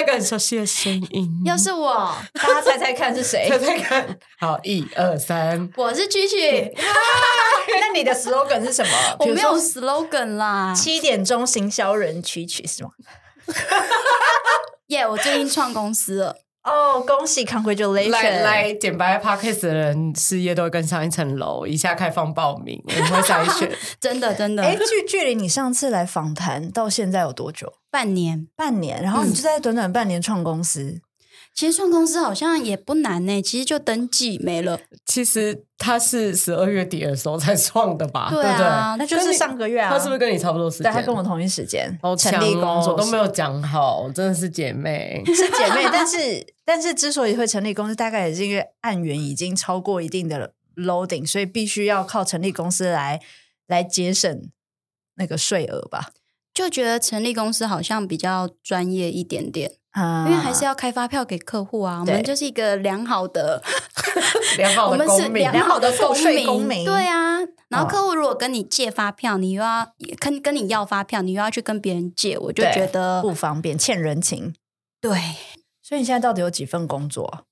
那個很熟悉的聲音，又是我，大家猜猜看是誰？ 猜猜看，好，一二三，我是曲曲。Yeah. Hi! 那你的 slogan 是什麼？ 我沒有 slogan 啦。七點鐘行銷人曲曲是嗎？耶 ，yeah, 我最近創公司了。哦，oh, 恭喜！Congratulations，來來簡白 Podcast 的人，事業都會更上一層樓。一下開放報名，我們 會篩選 真，真的真的。誒、欸，距距離你上次來訪談到現在有多久？半年，半年。然後你就在短短半年創公司。嗯。其實創公司好像也不難呢、欸，其實就登記沒了。其實他是十二月底的時候才創的吧？對啊，那就是上個月啊。你他是不是跟你差不多時間？他、哦、跟我同一時間？超強哦，成立工作室，我都沒有講好，真的是姐妹， 是姐妹。但是，但是之所以會成立公司，大概也是因為案源已經超過一定的 loading，所以必須要靠成立公司來來節省那個稅額吧？就覺得成立公司好像比較專業一點點。啊，嗯、因為還是要開發票給客戶啊，對我們就是一個良好的 良好的公民，我們是良好的納稅公民，納稅公民對啊。然後客戶如果跟你借發票，你又要跟跟你要發票，你又要去跟別人借，我就覺得對，不方便，欠人情。對，所以你現在到底有幾份工作？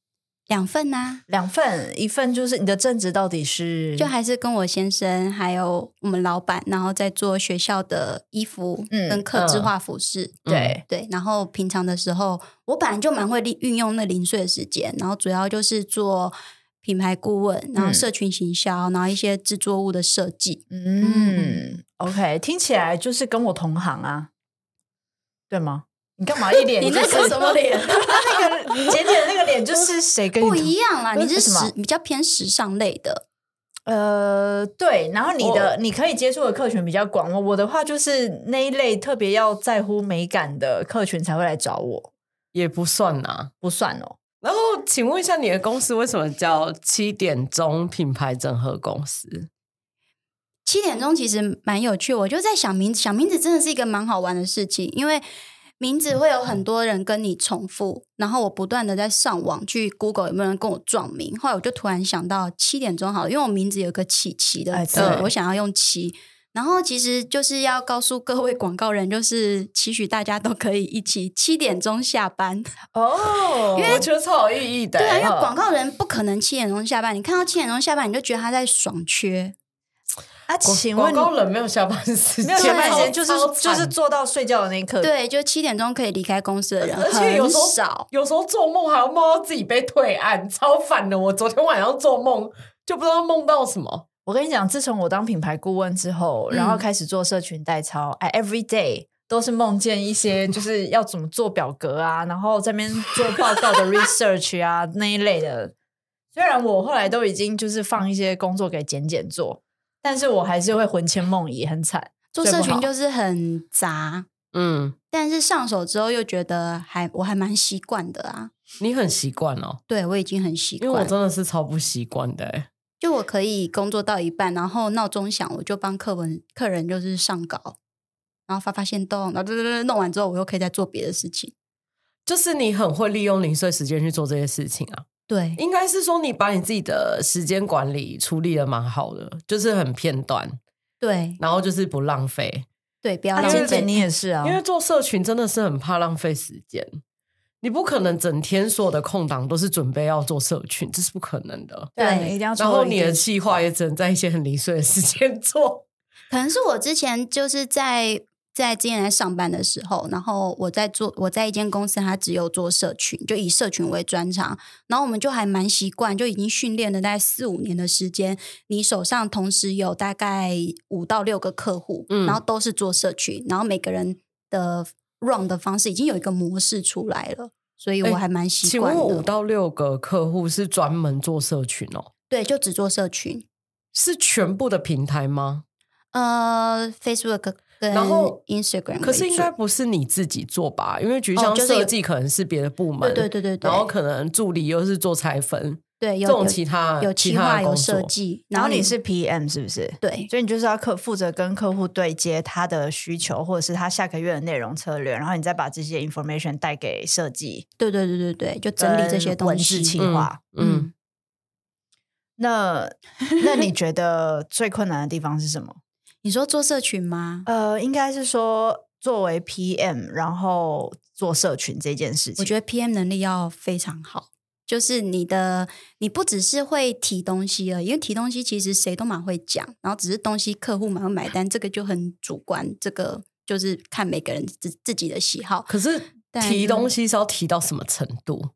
兩份吶、啊，兩份，一份就是你的正職到底是，就還是跟我先生，還有我們老板，然後在做學校的衣服，嗯，跟客製化服飾，嗯嗯、對對，然後平常的時候，我本來就蠻會利運用那零碎的時間，然後主要就是做品牌顧問，然後社群行銷，然後一些製作物的設計，嗯，嗯，OK，聽起來就是跟我同行啊，對，對嗎？你幹嘛一臉？ 你那是什麼臉？ 他那個，簡簡 那個臉就是誰跟你不一樣啦？你是，就是什麼比較偏時尚類的？呃，對。然後你的我你可以接觸的客群比較廣喔。我我的話就是那一類特別要在乎美感的客群才會來找我。也不算啊，不算哦喔。然後，請問一下你的公司為什麼叫七點鐘品牌整合公司？七點鐘其實蠻有趣，我就在想名字，想名字真的是一個蠻好玩的事情，因為。名字會有很多人跟你重複，嗯、然後我不斷的在上網去 Google 有沒有人跟我撞名，後來我就突然想到七點鐘好了，因為我名字有個七七字“七七、哎對”的，嗯，我想要用七，然後其實就是要告訴各位廣告人，就是期許大家都可以一起七點鐘下班哦， 因為我覺得超有意義的，對啊，因為、哦、廣告人不可能七點鐘下班，你看到七點鐘下班你就覺得他在爽缺。啊，請問廣告人沒有下班時間，沒有下班時間就是就是做到睡覺的那一刻。對，就七點鐘可以離開公司的人，而且有時候少，有時候做夢還要夢到自己被退案，超煩的。我昨天晚上做夢就不知道夢到什麼。我跟你講，自從我當品牌顧問之後，嗯、然後開始做社群代操，every day 都是夢見一些就是要怎麼做表格啊， 然後這邊做報告的 research 啊 那一類的。雖然我後來都已經就是放一些工作給簡簡做。但是我還是會魂牽夢縈，很慘。做社群就是很雜，嗯，但是上手之後又覺得還我還蠻習慣的啊。你很習慣哦？對我已經很習慣了，因為我真的是超不習慣的。就我可以工作到一半，然後鬧鐘響，我就幫客人客人就是上稿，然後發發限動，然後對對對弄完之後，我又可以再做別的事情。就是你很會利用零碎時間去做這些事情啊。對，應該是說你把你自己的時間管理處理的蠻好的，就是很片段，對，然後就是不浪費，對，不要、啊。浪費姐姐為你也是啊，因為做社群真的是很怕浪費時間，你不可能整天所有的空檔都是準備要做社群，這是不可能的。對，一定要做。然後你的計劃也只能在一些很零碎的時間做。可能是我之前就是在。在之前在上班的時候，然後我在做，我在一間公司，它只有做社群，就以社群為專長。然後我們就還蠻習慣，就已經訓練了大概四五年的時間。你手上同時有大概五到六個客戶，然後都是做社群，嗯、然後每個人的 run 的方式已經有一個模式出來了，所以我還蠻習慣的。請問五到六個客戶是專門做社群哦？對，就只做社群，是全部的平台嗎？嗯、呃，Facebook。對，然後 Instagram，可是應該不是你自己做吧？因為局香設計可能是別的部門，對對對對。然後可能助理又是做拆分，對，有其他有企劃有設計，然後你是 PM 是不是？對，所以你就是要客負責跟客戶對接他的需求，或者是他下個月的內容策略，然後你再把這些 information 帶給設計。對對對對對，就整理這些東西，企劃。嗯。那那你覺得最困難的地方是什麼？你說做社群嗎？呃，應該是說作為 PM，然後做社群這件事情。我覺得 PM 能力要非常好，就是你的你不只是會提東西了，因為提東西其實誰都蠻會講，然後只是東西客戶蠻會買單，這個就很主觀。這個就是看每個人自自己的喜好。可是提東西是要提到什麼程度？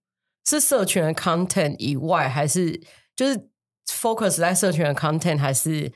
是，是社群的 content 以外，還是就是 focus 在社群的 content 還是？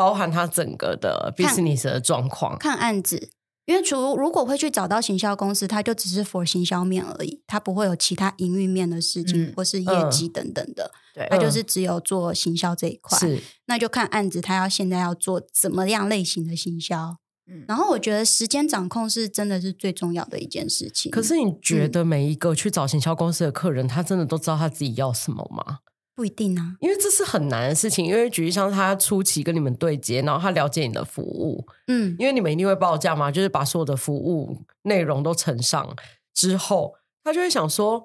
包含他整個的 business 的狀況看，看案子，因為除如果會去找到行銷公司，他就只是 for 行銷面而已，他不會有其他營運面的事情、嗯、或是業績等等的，嗯、對，他就是只有做行銷這一塊。是，那就看案子，他要現在要做怎麼樣類型的行銷。嗯，然後我覺得時間掌控是真的是最重要的一件事情。可是你覺得每一個去找行銷公司的客人，嗯、他真的都知道他自己要什麼嗎？不一定啊，因為這是很難的事情。因為舉例像是他初期跟你們對接，然後他了解你的服務，嗯，因為你們一定會報價嘛，就是把所有的服務內容都呈上之後，他就會想說：“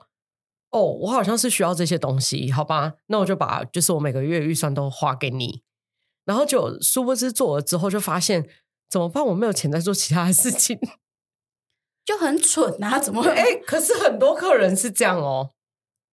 哦，我好像是需要這些東西，好吧，那我就把就是我每個月預算都花給你。”然後就殊不知做了之後，就發現怎麼辦？我沒有錢再做其他的事情，就很蠢啊。怎麼會？哎、欸，可是很多客人是這樣哦。嗯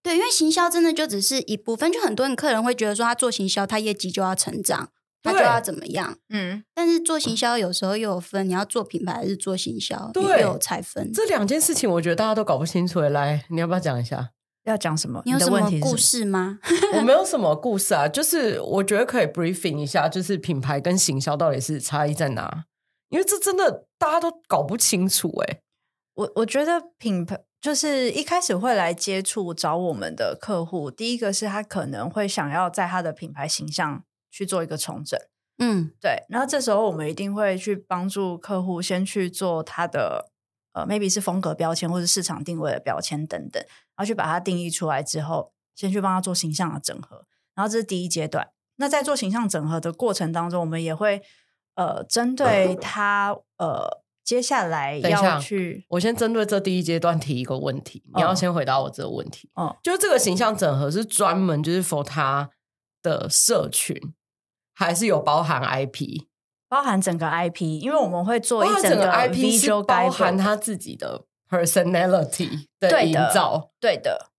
對，因為行銷真的就只是一部分，就很多人客人會覺得說他做行銷，他業績就要成長，對他就要怎麼樣。嗯，但是做行銷有時候又有分，嗯、你要做品牌還是做行銷，對又有才分。這兩件事情，我覺得大家都搞不清楚。哎對，來，你要不要講一下？要講什麼？你有什麼故事嗎？我沒有什麼故事啊，就是我覺得可以 briefing 一下，就是品牌跟行銷到底是差異在哪？因為這真的大家都搞不清楚。哎，我我覺得品牌。就是一開始會來接觸找我們的客戶，第一個是他可能會想要在他的品牌形象去做一個重整，嗯，對。然後這時候我們一定會去幫助客戶先去做他的呃，maybe 是風格標籤或是市場定位的標籤等等，然後去把它定義出來之後，先去幫他做形象的整合。然後這是第一階段。那在做形象整合的過程當中，我們也會呃，針對他呃。接下來要去，我先針對這第一階段提一個問題，oh, 你要先回答我這個問題。哦，oh. 就是這個形象整合是專門就是 for 他的社群，還是有包含 IP，包含整個 IP？因為我們會做一整個，整個 IP 就包含他自己的 personality 的營造，對的。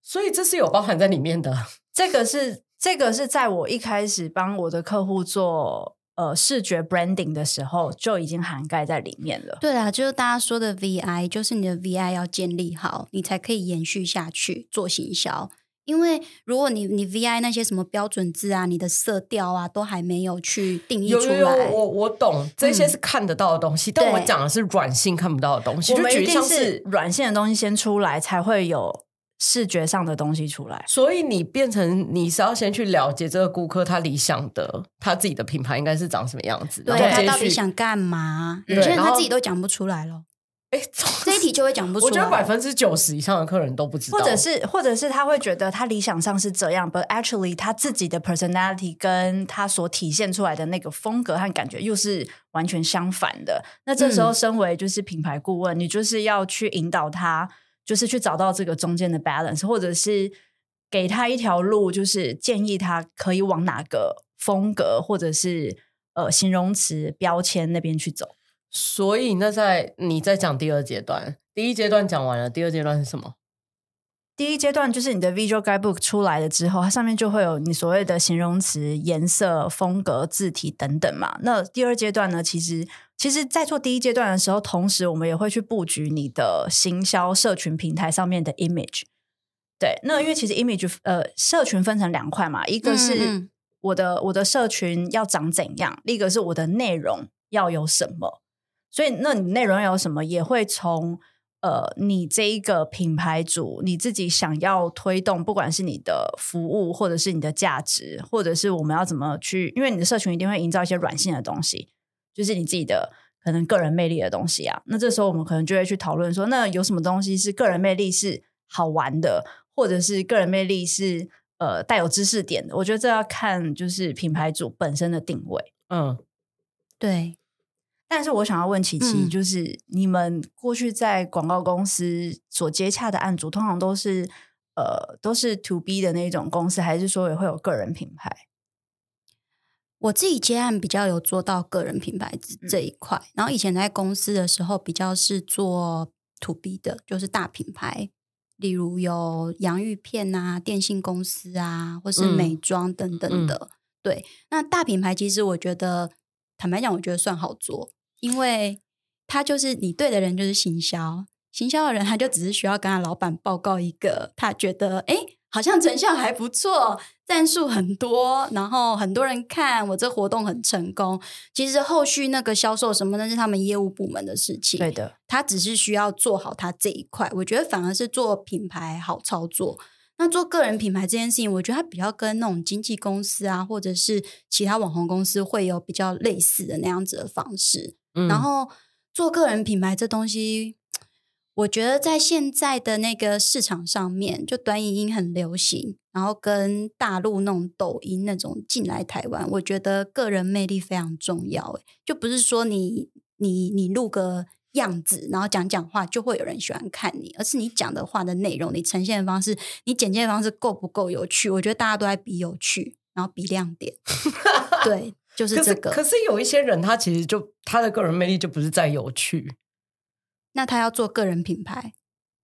所以這是有包含在裡面的。這個是這個是在我一開始幫我的客戶做。呃，視覺 branding 的時候就已經涵蓋在裡面了。對啊，就是大家說的 VI，就是你的 VI 要建立好，你才可以延續下去做行銷。因為如果你你 VI 那些什麼標準字啊、你的色調啊，都還沒有去定義出來，有有有我我懂這些是看得到的東西，嗯、但我講的是軟性看不到的東西，對我們一定是，是軟性的東西先出來才會有。視覺上的東西出來，所以你變成你是要先去了解這個顧客他理想的他自己的品牌應該是長什麼樣子，對啊、然後他到底想幹嘛？有些對後他自己都講不出來了，誒，這一題就會講不出來。我覺得百分之九十以上的客人都不知道，或者是或者是他會覺得他理想上是這樣，but actually 他自己的 personality 跟他所體現出來的那個風格和感覺又是完全相反的。那這時候，身為就是品牌顧問，嗯、你就是要去引導他。就是去找到這個中間的 balance，或者是給他一條路，就是建議他可以往哪個風格或者是呃形容詞標籤那邊去走。所以，那在你在講第二階段，第一階段講完了，第二階段是什麼？第一階段就是你的 Visual Guidebook 出來了之後，它上面就會有你所謂的形容詞、顏色、風格、字體等等嘛。那第二階段呢，其實其實，在做第一階段的時候，同時我們也會去布局你的行銷社群平台上面的 image。對，那因為其實 image、嗯、呃，社群分成兩塊嘛，一個是我的嗯嗯我的社群要長怎樣，另一個是我的內容要有什麼。所以，那你內容要有什麼，也會從。呃，你這一個品牌主，你自己想要推動，不管是你的服務，或者是你的價值，或者是我們要怎麼去，因為你的社群一定會營造一些軟性的東西，就是你自己的可能個人魅力的東西啊。那這時候我們可能就會去討論說，那有什麼東西是個人魅力是好玩的，或者是個人魅力是呃帶有知識點的？我覺得這要看就是品牌主本身的定位。嗯，對。但是我想要問琪琪，嗯、就是你們過去在廣告公司所接洽的案主，通常都是呃都是 to B 的那一種公司，還是說也會有個人品牌？我自己接案比較有做到個人品牌這一塊，嗯、然後以前在公司的時候比較是做 to B 的，就是大品牌，例如有洋芋片啊、電信公司啊，或是美妝等等的。嗯嗯、對，那大品牌其實我覺得坦白講，我覺得算好做。因為他就是你對的人，就是行銷。行銷的人，他就只是需要跟他老闆報告一個，他覺得誒好像成效還不錯，戰術很多，然後很多人看我這活動很成功。其實後續那個銷售什麼，那是他們業務部門的事情。對的，他只是需要做好他這一塊。我覺得反而是做品牌好操作。那做個人品牌這件事情，我覺得他比較跟那種經紀公司啊，或者是其他網紅公司會有比較類似的那樣子的方式。嗯、然後做個人品牌這東西，我覺得在現在的那個市場上面，就短影音很流行，然後跟大陸那種抖音那種進來台灣，我覺得個人魅力非常重要欸。就不是說你你你錄個樣子，然後講講話就會有人喜歡看你，而是你講的話的內容，你呈現的方式，你剪接的方式夠不夠有趣？我覺得大家都在比有趣，然後比亮點， 對。就是這個可是，可是有一些人，他其實就他的個人魅力就不是在有趣，那他要做個人品牌，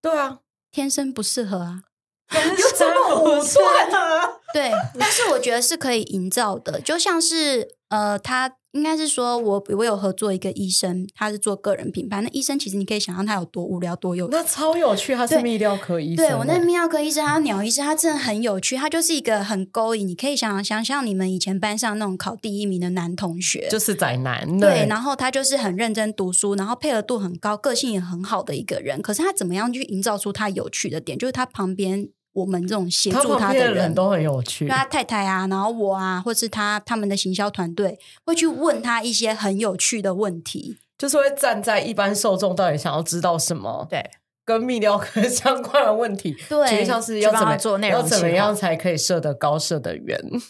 對啊，天生不適合啊，天生不適合， 對， 但是我覺得是可以營造的，就像是呃他。應該是說我我有合作一個醫生，他是做個人品牌。那醫生其實你可以想象他有多無聊多有趣，那超有趣。他是泌尿科醫生的對，對我那泌尿科醫生，他鳥醫生，他真的很有趣。他就是一個很勾引，你可以想想想象，你們以前班上那種考第一名的男同學，就是宅男的。對，然後他就是很認真讀書，然後配合度很高，個性也很好的一個人。可是他怎麼樣去營造出他有趣的點？就是他旁邊。我們這種協助他，的人，他的人都很有趣，他太太啊，然後我啊，或是他他們的行銷團隊會去問他一些很有趣的問題，就是會站在一般受眾到底想要知道什麼，對，跟泌尿科相關的問題，對，其實像是要怎麼他做內容，要怎麼樣才可以射得高設的，射得遠。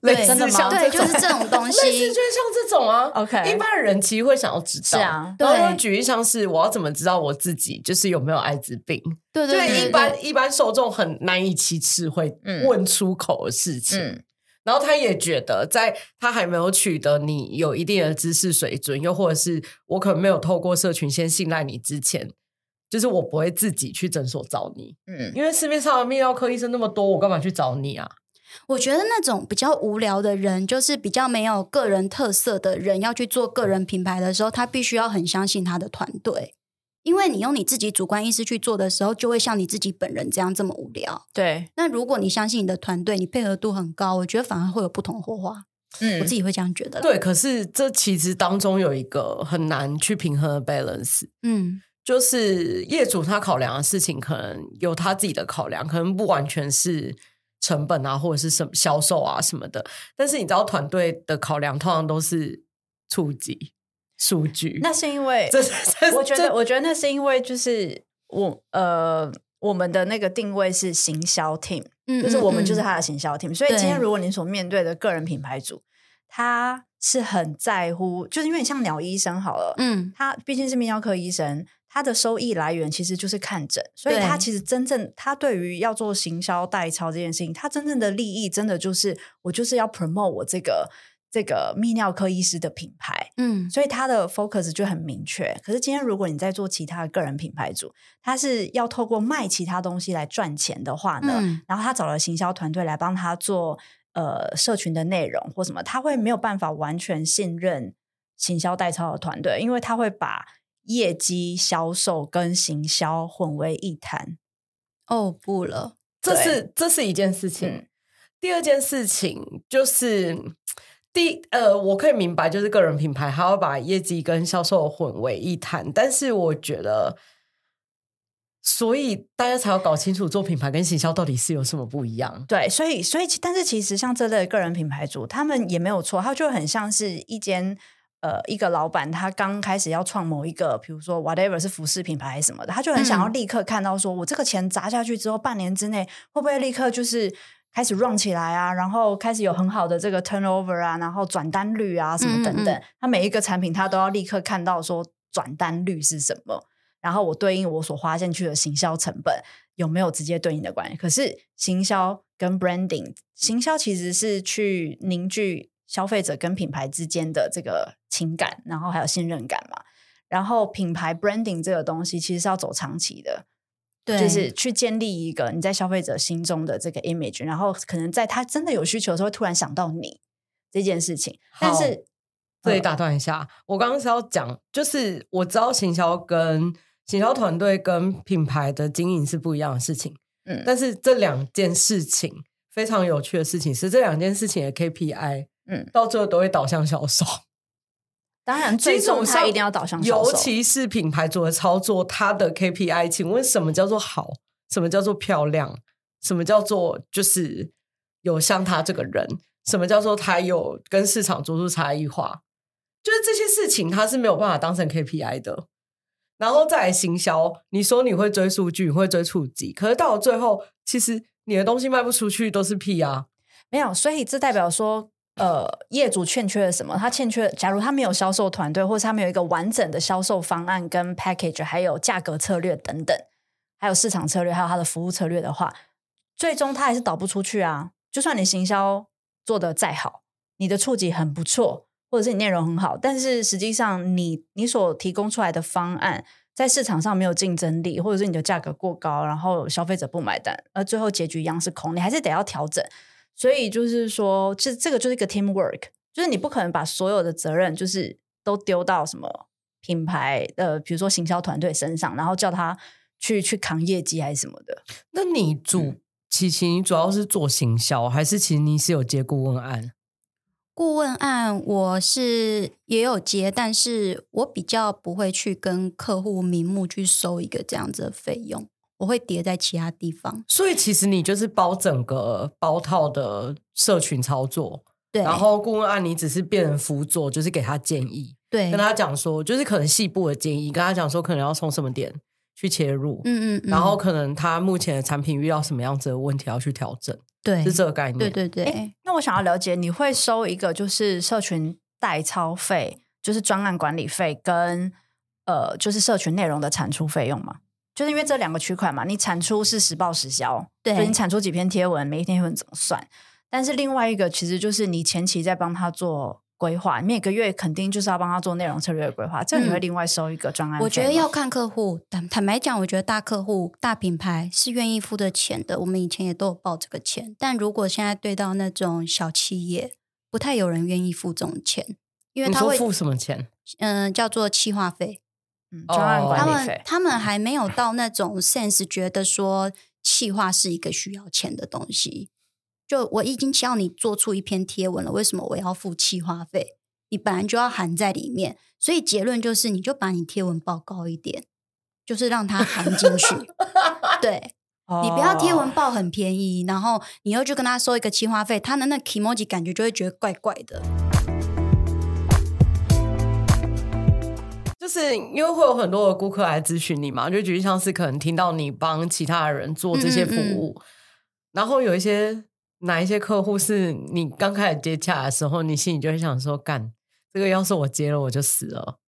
類似像,對真的嗎像這種，類似就是像這種啊。OK，一般人其實會想要知道，這樣對然後舉例，像是我要怎麼知道我自己就是有沒有艾滋病？對對對。一般對一般受眾很難以啟齒，會問出口的事情。嗯、然後他也覺得，在他還沒有取得你有一定的知識水準，又或者是我可能沒有透過社群先信賴你之前，就是我不會自己去診所找你。嗯，因為市面上的泌尿科醫生那麼多，我幹嘛去找你啊？我覺得那種比較無聊的人，就是比較沒有個人特色的人，要去做個人品牌的時候，他必須要很相信他的團隊，因為你用你自己主觀意識去做的時候，就會像你自己本人這樣這麼無聊。對。那如果你相信你的團隊，你配合度很高，我覺得反而會有不同火花。嗯，我自己會這樣覺得。對，可是這其實當中有一個很難去平衡的 balance。嗯，就是業主他考量的事情，可能有他自己的考量，可能不完全是。成本啊，或者是什麼銷售啊什麼的，但是你知道團隊的考量通常都是觸及數據。那是因為，我覺得，這我覺得那是因為，就是我呃，我們的那個定位是行銷 team，、嗯、就是我們就是他的行銷 team，、嗯嗯、所以今天如果你所面對的個人品牌主，他對是很在乎，就是因為你像鳥醫生好了，嗯，他畢竟是泌尿科醫生。他的收益來源其實就是看診，所以他其實真正對他對於要做行銷代操這件事情，他真正的利益真的就是我就是要 promote 我這個這個泌尿科醫師的品牌，嗯，所以他的 focus 就很明確。可是今天如果你在做其他個人品牌組，他是要透過賣其他東西來賺錢的話呢，嗯、然後他找了行銷團隊來幫他做呃社群的內容或什麼，他會沒有辦法完全信任行銷代操的團隊，因為他會把。業績、銷售跟行銷混為一談，哦、oh, 不了，這是對這是一件事情。嗯、第二件事情就是，第呃，我可以明白，就是個人品牌還要把業績跟銷售混為一談，但是我覺得，所以大家才要搞清楚做品牌跟行銷到底是有什麼不一樣。對，所以所以，但是其實像這類個人品牌主，他們也沒有錯，他就很像是一間。呃，一個老闆他剛開始要創某一個，比如說 whatever 是服飾品牌還是什麼的，他就很想要立刻看到說，說、嗯、我這個錢砸下去之後，半年之內會不會立刻就是開始 run 起來啊？嗯、然後開始有很好的這個 turnover 啊，然後轉單率啊什麼等等，嗯嗯他每一個產品他都要立刻看到說轉單率是什麼，然後我對應我所花進去的行銷成本有沒有直接對應的關係？可是行銷跟 branding，行銷其實是去凝聚。消費者跟品牌之間的這個情感，然後還有信任感嘛。然後品牌 branding 這個東西，其實是要走長期的，對就是去建立一個你在消費者心中的這個 image，然後可能在他真的有需求的時候，突然想到你這件事情。好但是這裡打斷一下，呃、我剛剛是要講，就是我知道行銷跟行銷團隊跟品牌的經營是不一樣的事情。嗯，但是這兩件事情、嗯、非常有趣的事情是，這兩件事情的 KPI。到最後都會導向銷售，當然最終它一定要導向銷售。其尤其是品牌做的操作，它的 KPI，請問什麼叫做好？什麼叫做漂亮？什麼叫做就是有像他這個人？什麼叫做他有跟市場做出差異化？就是這些事情，他是沒有辦法當成 KPI 的。然後再來行銷，你說你會追數據，你會追觸及，可是到了最後，其實你的東西賣不出去都是屁啊！沒有，所以這代表說。呃，業主欠缺了什麼？他欠缺了，假如他沒有銷售團隊，或者他沒有一個完整的銷售方案跟 package，還有價格策略等等，還有市場策略，還有他的服務策略的話，最終他還是導不出去啊！就算你行銷做得再好，你的觸及很不錯，或者是你內容很好，但是實際上你你所提供出來的方案在市場上沒有競爭力，或者是你的價格過高，然後消費者不買單，而最後結局一樣是空，你還是得要調整。所以就是說，這這個就是一個 teamwork，就是你不可能把所有的責任就是都丟到什麼品牌的，呃、比如說行銷團隊身上，然後叫他去去扛業績還是什麼的。那你主琪琪、嗯、你主要是做行銷，嗯、還是其實你是有接顧問案？顧問案我是也有接，但是我比較不會去跟客戶名目去收一個這樣子的費用。我會跌在其他地方，所以其實你就是包整個包套的社群操作，對。然後顧問案、啊、你只是變成輔佐，對就是給他建議，對，跟他講說，就是可能細部的建議，跟他講說，可能要從什麼點去切入，嗯，嗯嗯。然後可能他目前的產品遇到什麼樣子的問題要去調整，對，是這個概念，對對對。那我想要了解，你會收一個就是社群代操費，就是專案管理費跟呃，就是社群內容的產出費用嗎？就是因為這兩個區塊嘛，你產出是實報實銷，對，你產出幾篇貼文，每一天貼文怎麼算？但是另外一個其實就是你前期在幫他做規劃，你每個月肯定就是要幫他做內容策略的規劃，這樣你會另外收一個專案費、嗯。我覺得要看客戶，坦坦白講，我覺得大客戶、大品牌是願意付的錢的，我們以前也都有報這個錢。但如果現在對到那種小企業，不太有人願意付這種錢，因為他會付什麼錢？嗯、呃，叫做企劃費。哦，就 oh, 他們他們還沒有到那種 sense，覺得說企劃是一個需要錢的東西。就我已經叫你做出一篇貼文了，為什麼我要付企劃費？你本來就要含在裡面，所以結論就是，你就把你貼文報高一點，就是讓它含進去。 對，你不要貼文報很便宜，然後你又去跟他收一個企劃費，他的那 kimochi 感覺就會覺得怪怪的。就是因為會有很多的顧客來諮詢你嘛，就舉例像是可能聽到你幫其他人做這些服務，嗯嗯、然後有一些哪一些客戶是你剛開始接洽的時候，你心裡就會想說，幹這個要是我接了我就死了，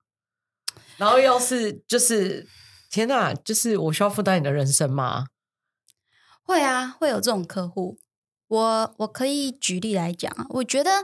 然後要是就是、嗯、天哪，就是我需要負擔你的人生嗎？會啊，會有這種客戶，我我可以舉例來講，我覺得。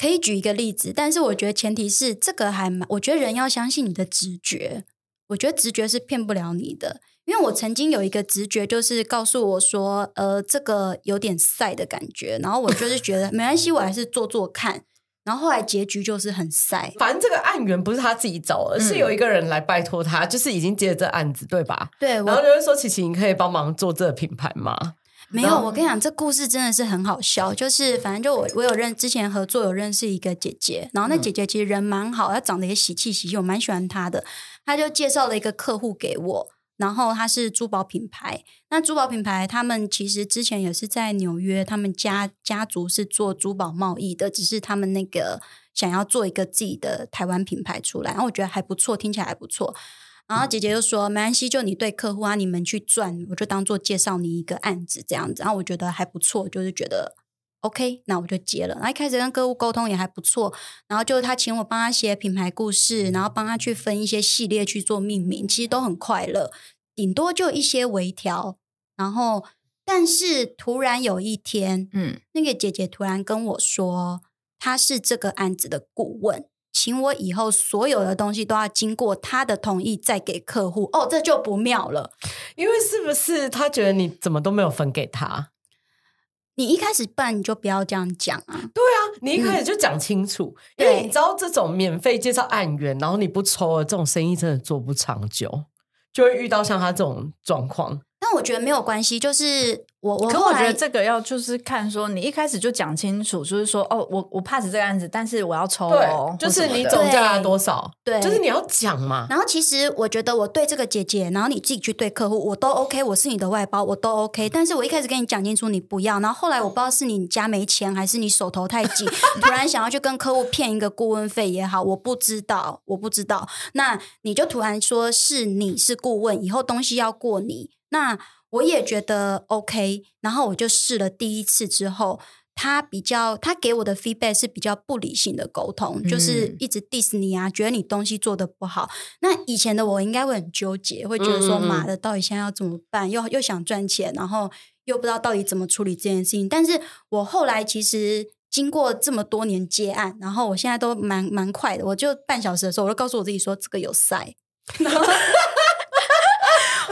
可以舉一個例子，但是我覺得前提是這個還蠻，我覺得人要相信你的直覺，我覺得直覺是騙不了你的。因為我曾經有一個直覺，就是告訴我說，呃，這個有點賽的感覺，然後我就是覺得 沒關係，我還是做做看，然後後來結局就是很賽。反正這個案源不是他自己找的，是有一個人來拜托他，嗯、就是已經接了這個案子，對吧？對。然後就是說，琪琪，你可以幫忙做這個品牌嗎？沒有，我跟你講，這故事真的是很好笑。就是反正就我，我有認之前合作，有認識一個姐姐，然後那姐姐其實人蠻好，她長得也喜氣喜氣，我蠻喜歡她的。她就介紹了一個客戶給我，然後她是珠寶品牌。那珠寶品牌他們其實之前也是在紐約，他們家家族是做珠寶貿易的，只是他們那個想要做一個自己的台灣品牌出來，然後我覺得還不錯，聽起來還不錯。然後姐姐就說：“沒關係，就你對客戶啊，你們去賺，我就當做介紹你一個案子這樣子。”然後我覺得還不錯，就是覺得 OK，那我就接了。然後一開始跟客戶溝通也還不錯，然後就是他請我幫他寫品牌故事，然後幫他去分一些系列去做命名，其實都很快樂，頂多就一些微調。然後，但是突然有一天，嗯，那個姐姐突然跟我說，她是這個案子的顧問。請我以後所有的東西都要經過他的同意再給客戶哦，這就不妙了。因為是不是他覺得你怎麼都沒有分給他？你一開始辦你就不要這樣講啊！對啊，你一開始就講清楚，嗯、因為你知道這種免費介紹案源，對然後你不抽了，這種生意真的做不長久，就會遇到像他這種狀況。但我覺得沒有關係，就是。我，我可我覺得這個要就是看說你一開始就講清楚，就是說哦，我我 pass 這個案子，但是我要抽哦，就是你總價多少，對，對就是你要講嘛。然後其實我覺得我對這個姐姐，然後你自己去對客戶，我都 OK，我是你的外包，我都 OK。但是我一開始跟你講清楚，你不要。然後後來我不知道是你家沒錢，還是你手頭太緊， 突然想要去跟客戶騙一個顧問費也好，我不知道，我不知道。那你就突然說是你是顧問，以後東西要過你那。我也覺得 OK，然後我就試了第一次之後，他比較他給我的 feedback 是比較不理性的溝通，嗯、就是一直 diss 你啊，覺得你東西做的不好。那以前的我應該會很糾結，會覺得說嗯嗯媽的，到底現在要怎麼辦？又又想賺錢，然後又不知道到底怎麼處理這件事情。但是我後來其實經過這麼多年接案，然後我現在都蠻蠻快的，我就半小時的時候，我都告訴我自己說這個有塞。然後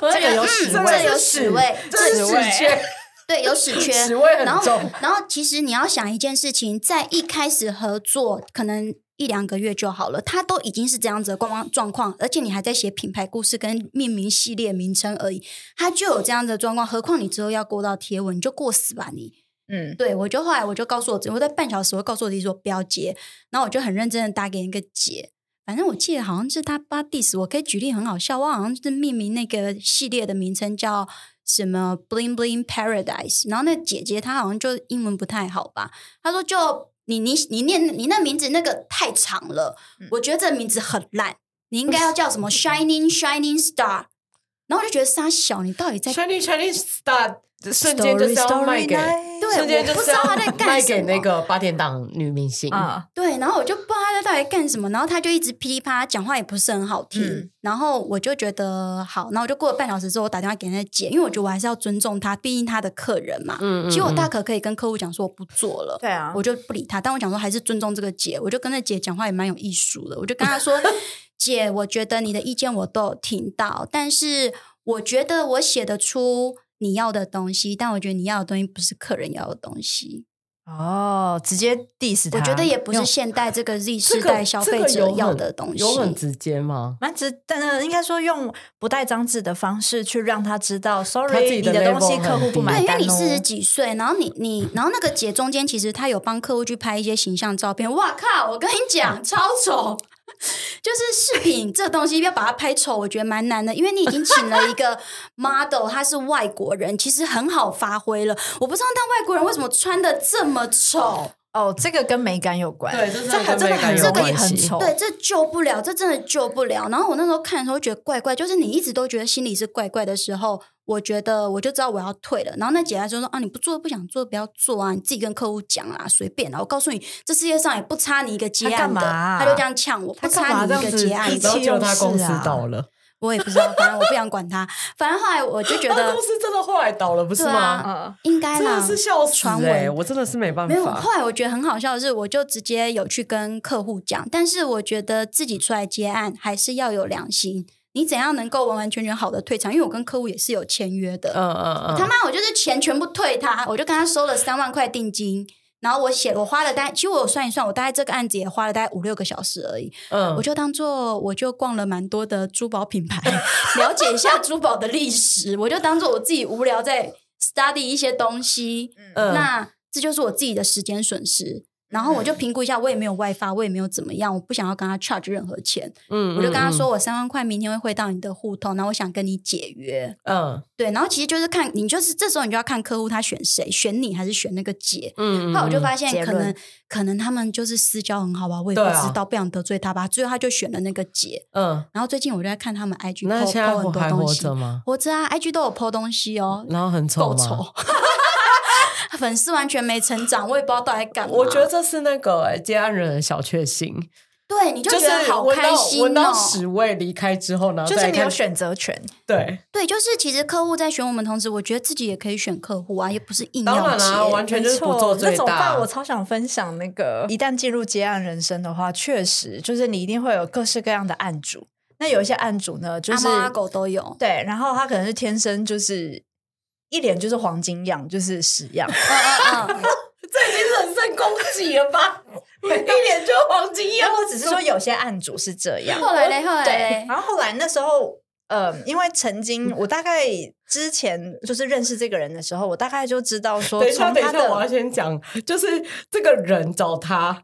這裡有屎味，嗯、這有屎味，這有屎圈。位 對，有屎圈。然後，然後其實你要想一件事情，在一開始合作可能一兩個月就好了，他都已經是這樣子的狀況，而且你還在寫品牌故事跟命名系列名稱而已，他就有這樣子的狀況。何況你之後要過到貼文，你就過死吧你！嗯，對，我就後來我就告訴我自己，我在半小時我告訴我自己說不要接，然後我就很認真的打給你一個姐。反正我記得好像是他巴迪斯，我可以舉例很好笑。我好像是命名那個系列的名稱叫什麼 “Bling Bling Paradise”。然後那姐姐她好像就英文不太好吧？她說：“就你你你念你那名字那個太長了，嗯、我覺得這名字很爛，你應該要叫什麼 ‘Shining Sh Shining Star’。”然後我就覺得沙小，你到底在 “Shining Shining Star”。瞬間就是要賣給，Story 對，我不知道他在幹什麼。賣給那個八點檔女明星啊， uh, 對。然後我就不知道他在到底幹什麼，然後他就一直噼里啪啦講話，也不是很好聽。嗯、然後我就覺得好，那我就過了半小時之後，我打電話給那姐，因為我覺得我還是要尊重她，畢竟她的客人嘛。嗯嗯嗯，其實我大可可以跟客戶講說我不做了，對啊，我就不理他。但我講說還是尊重這個姐，我就跟那姐講話也蠻有藝術的。我就跟她說， 姐，我覺得你的意見我都有聽到，但是我覺得我寫得出你要的東西，但我覺得你要的東西不是客人要的東西哦，直接 diss 他，我覺得也不是現代這個 Z 世代消費者要的東西、這個這個有，有很直接嗎？蠻直，但應該說用不帶髒字的方式去讓他知道，sorry，他自己的你的東西客戶不買單、哦嗯對，因為你四十幾歲，然後你你，然後那個姐中間其實她有幫客戶去拍一些形象照片，哇靠，我跟你講，嗯、超醜。就是飾品 這東西要把它拍醜，我覺得蠻難的，因為你已經請了一個 model， 他是外國人，其實很好發揮了。我不知道，但外國人為什麼穿的這麼醜？哦，這個跟美感有關，對，這個跟美感真的這個也很醜，對，這救不了，這真的救不了。然後我那時候看的時候覺得怪怪，就是你一直都覺得心裡是怪怪的時候。我覺得我就知道我要退了，然後那姐就說啊，你不做不想做，不要做啊，你自己跟客戶講啊，隨便啊。我告訴你，這世界上也不差你一個接案的。他幹嘛啊、他就這樣嗆我，不差你一個接案，一氣叫他公司倒了，啊、我也不知道，反正我不想管他。 反正後來我就覺得公司真的後來倒了，不是嗎？啊、應該啦，是笑、欸、傳聞。哎，我真的是沒辦法。沒有快，後來我覺得很好笑的是，我就直接有去跟客戶講，但是我覺得自己出來接案還是要有良心。你怎樣能夠完完全全好的退場？因為我跟客戶也是有簽約的。嗯嗯、uh, uh, uh, 他媽，我就是錢全部退他，我就跟他收了三萬塊定金。然後我寫了，我花了單，但其實我算一算，我大概這個案子也花了大概五六個小時而已。嗯，uh, 我就當做我就逛了蠻多的珠寶品牌，uh, 了解一下珠寶的歷史。 我就當做我自己無聊在 study 一些東西。嗯，uh, 那這就是我自己的時間損失。然後我就評估一下，我也沒有外發，我也沒有怎麼樣，我不想要跟他 charge 任何錢。嗯，我就跟他說，我三萬塊明天會匯到你的戶頭，然後我想跟你解約。嗯，對。然後其實就是看你就是這時候你就要看客戶他選誰，選你還是選那個姐。嗯。然後我就發現可能可能他們就是私交很好吧，我也不知道，不想得罪他吧。最後他就選了那個姐。嗯。然後最近我就在看他們 IG，那現在還活着嗎？活着啊，IG 都有 po 東西哦，然後很醜嗎？粉絲完全沒成長，我也不知道到底幹嘛。我覺得這是那個、欸、接案人的小確幸。對，你就是好開心哦、喔。聞到，到屎味離開之後呢，後就是你有選擇權。對，對，就是其實客戶在選我們同時，我覺得自己也可以選客戶啊，也不是硬要。當然啦、啊，完全就是不做最大。那辦我超想分享那個，一旦進入接案人生的話，確實就是你一定會有各式各樣的案主。那有一些案主呢，就是、啊、阿貓阿狗都有。對，然後他可能是天生就是。一臉就是黃金樣，就是屎樣，這已經是很受攻擊了吧？ 一臉就是黃金樣，我 只是說有些案主是這樣。後來嘞，後來對，然後後來那時候，呃，因為曾經我大概之前就是認識這個人的時候，我大概就知道說，等一下，等一下，我要先講，就是這個人找他，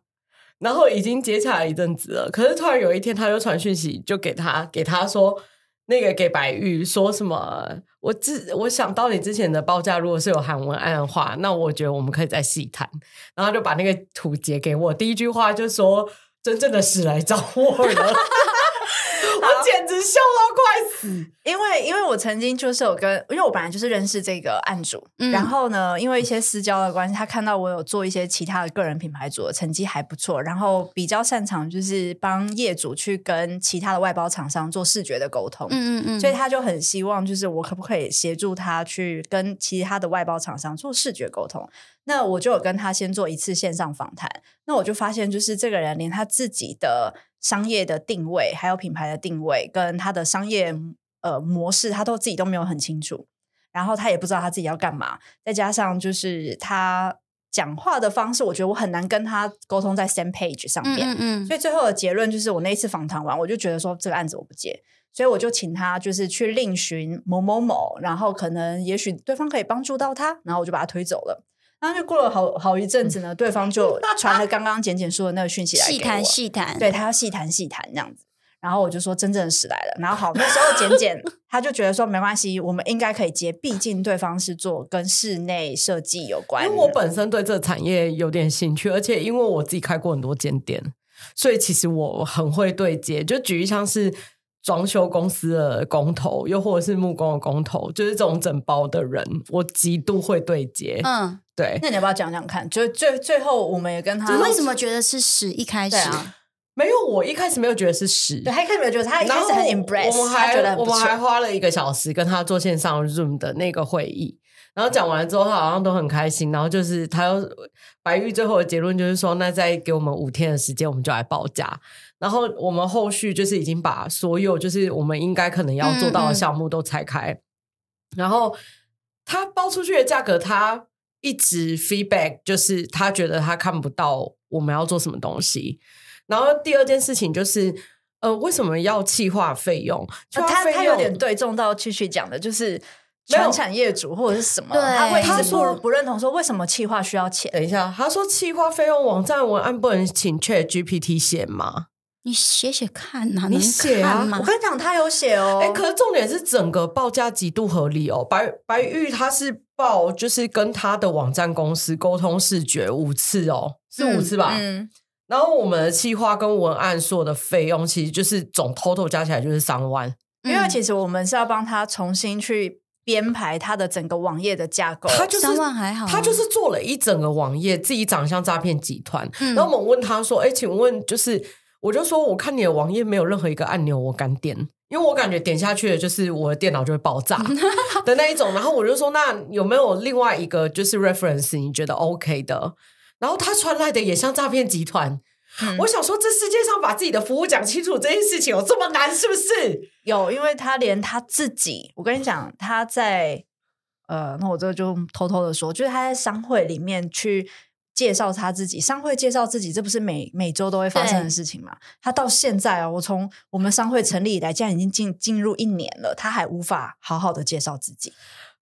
然後已經接下來一陣子了，可是突然有一天，他又傳訊息，就給他給他說。那個給白玉說什麼？我之我想到你之前的報價，如果是有韓文案的話，那我覺得我們可以再細談。然後就把那個圖截給我，第一句話就說：“真正的屎來找我了。” 我簡直笑到快死。 好 因為，因為我曾經就是有跟，因為我本來就是認識這個案主，嗯、然後呢，因為一些私交的關係，他看到我有做一些其他的個人品牌主，成績還不錯，然後比較擅長就是幫業主去跟其他的外包廠商做視覺的溝通，嗯嗯嗯，所以他就很希望就是我可不可以協助他去跟其他的外包廠商做視覺溝通。那我就有跟他先做一次線上訪談，那我就發現就是這個人連他自己的商業的定位，還有品牌的定位，跟他的商業。呃，模式，他都自己都沒有很清楚，然後他也不知道他自己要幹嘛，再加上就是他講話的方式，我覺得我很難跟他溝通在 same page 上面，嗯，嗯，所以最後的結論就是，我那一次訪談完，我就覺得說這個案子我不接，所以我就請他就是去另尋某某某，然後可能也許對方可以幫助到他，然後我就把他推走了。然後就過了好好一陣子呢，對方就傳了剛剛簡簡說的那個訊息來，細談細談，對，他要細談細談，那樣子。然後我就說，真正屎來了。然後好，那時候簡簡 他就覺得說沒關係，我們應該可以接，畢竟對方是做跟室內設計有關。因為我本身對這個產業有點興趣，而且因為我自己開過很多間店，所以其實我很會對接。就舉例像是裝修公司的工頭，又或者是木工的工頭，就是這種整包的人，我極度會對接。嗯，對。那你要不要講講看？就最最後，我們也跟他，你為什麼覺得是屎一開始？沒有，我一開始沒有覺得是屎。對，他一開始沒有覺得他一開始很 impress。我們還覺得不我們還花了一個小時跟他做線上 Zoom 的那個會議，然後講完之後，他好像都很開心。嗯、然後就是他又白玉最後的結論就是說，那再給我們五天的時間，我們就來報價。然後我們後續就是已經把所有就是我們應該可能要做到的項目都拆開，嗯嗯、然後他包出去的價格，他一直 feedback，就是他覺得他看不到我們要做什麼東西。然後第二件事情就是，呃，為什麼要企劃費用？費用啊、他他有點對重到 ChiChi 講的，就是全產業主或者是什麼？對，他，他說不認同，說為什麼企劃需要錢？等一下，他說企劃費用網站文案不能請 Chat GPT 寫嗎？你寫寫看吶，你寫啊！看嗎，我跟你講，他有寫哦。哎、欸，可是重點是整個報價極度合理哦。白白玉他是報，就是跟他的網站公司溝通視覺五次哦，是五次吧？嗯。嗯然後我們的企劃跟文案所有的費用，其實就是總 total 加起來就是三萬。嗯、因為其實我們是要幫他重新去編排他的整個網頁的架構。他就是三萬還好、啊，他就是做了一整個網頁，自己長相詐騙集團。嗯、然後我們問他說：“哎，請問就是，我就說我看你的網頁沒有任何一個按鈕我敢點，因為我感覺點下去的就是我的電腦就會爆炸的那一種。” 然後我就說：“那有沒有另外一個就是 reference 你覺得 OK 的？”然後他傳來的也像詐騙集團，嗯，我想說，這世界上把自己的服務講清楚這件事情有這麼難是不是？有，因為他連他自己，我跟你講，他在呃，那我這就偷偷的說，就是他在商會裡面去介紹他自己，商會介紹自己，這不是每每周都會發生的事情嗎？嗯，他到現在，哦，我從我們商會成立以來，竟然已經進進入一年了，他還無法好好的介紹自己。